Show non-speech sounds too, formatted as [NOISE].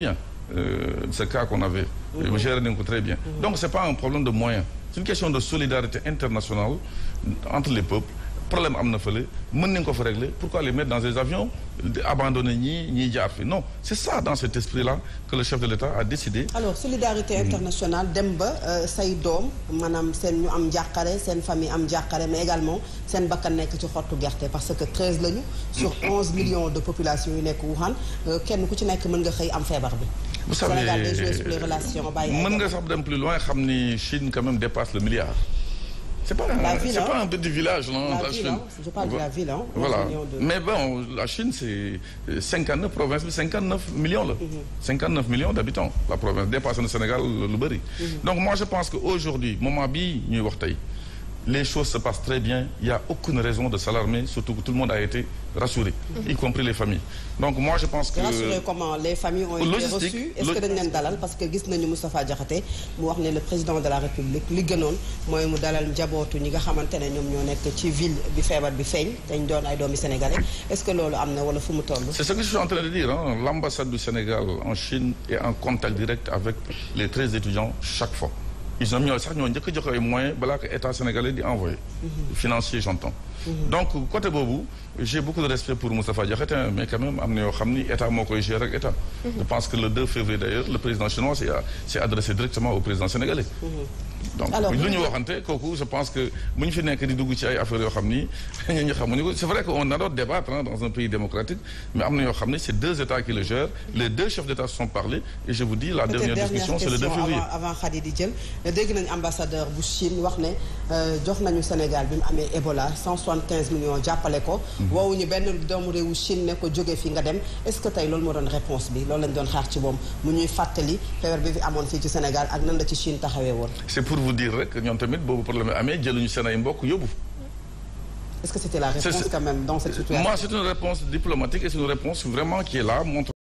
bien euh, ce cas qu'on avait oui. géré nañ ko très bien oui. donc c'est pas un problème de moyens c'est une question de solidarité internationale entre les peuples problème am na fa fële mën nañ ko fa régler pourquoi les mettre dans des avions abandonner ñii ñiy jaar fi non c'est ça dans cet esprit là que le chef de l'État a décidé alors solidarité mm. internationale dem ba euh, say doom maanaam seen ñu am njàqare seen famille am njàqare mais également seen bakkan nekk ci xottu gerte parce que treize lañu sur mm. onze millions de population yu nekk Wuhan euh, kenn ku ci nekk mën nga xëy am feebar bi vous savez mën nga sax dem plus loin xam ni Chine quand même C'est pas, la ville, c'est hein. pas un petit village, non, la, la ville, Chine. Hein. Je parle de la ville, hein. Voilà. De... Mais bon, la Chine, c'est 59 euh, provinces, 59 millions, là. Mm -hmm. 59 millions d'habitants, la province. Dépasse le Sénégal, le, le mm -hmm. Donc moi, je pense qu'aujourd'hui, moment bi, nous les choses se passent très bien il y a aucune raison de s'alarmer surtout que tout le monde a été rassuré y compris les familles donc je pense que les familles ont été reçues est-ce que dañ leen dalal parce que gis nañu Moustapha Diakhaté mu wax ne le président de la République li gënoon mooy mu dalal njabootu ñi nga xamante ne ñoom ñoo nekk ci ville bi feebar bi feeñ dañ doon ay doomi sénégalais est-ce que loolu am na wala fu mu toll c'est ce que je suis en train de ils o ñoo sax ñoo njëkk a joxe ay moyens sénégalais di envoyé. Mhm. financier j'entends. Mhm. donc côté boobu j'ai beaucoup de respect pour Moustapha Diakhaté mais quand même am na yoo xam ni état moo koy gérer ak mhm. je pense que le février d'ailleurs le président chinois s'est adressé directement au président sénégalais. donc lu ñu waxante kooku je pense que bu ñu fi nekk di dugg ci ay affaires yoo xam ni ñu [LAUGHS] ñu xamuñu ko c' que on adore débattre dans un pays démocratique mais am na yoo xam ne c' deux états qui le gèrent les deux chefs d' état se sont et je vous dégg nañu ambassadeur bu Chine wax ne euh, jox nañu Sénégal bi mu amee Ebola 175 millions jàppale ko mhm. woowuñu benn doomu réewu Chine ne ko jógee fi nga dem est ce que tey loolu moo doon réponse bi loolu lañ ak nan la ci Chine taxawee woon pour vous dire rek ñoom tamit boobu problème amee jëluñu seen ay mbokk yóbbu. est-ce que c'était quand même dans cette situation? moi c'est une réponse diplomatique et c'est une réponse vraiment qui est là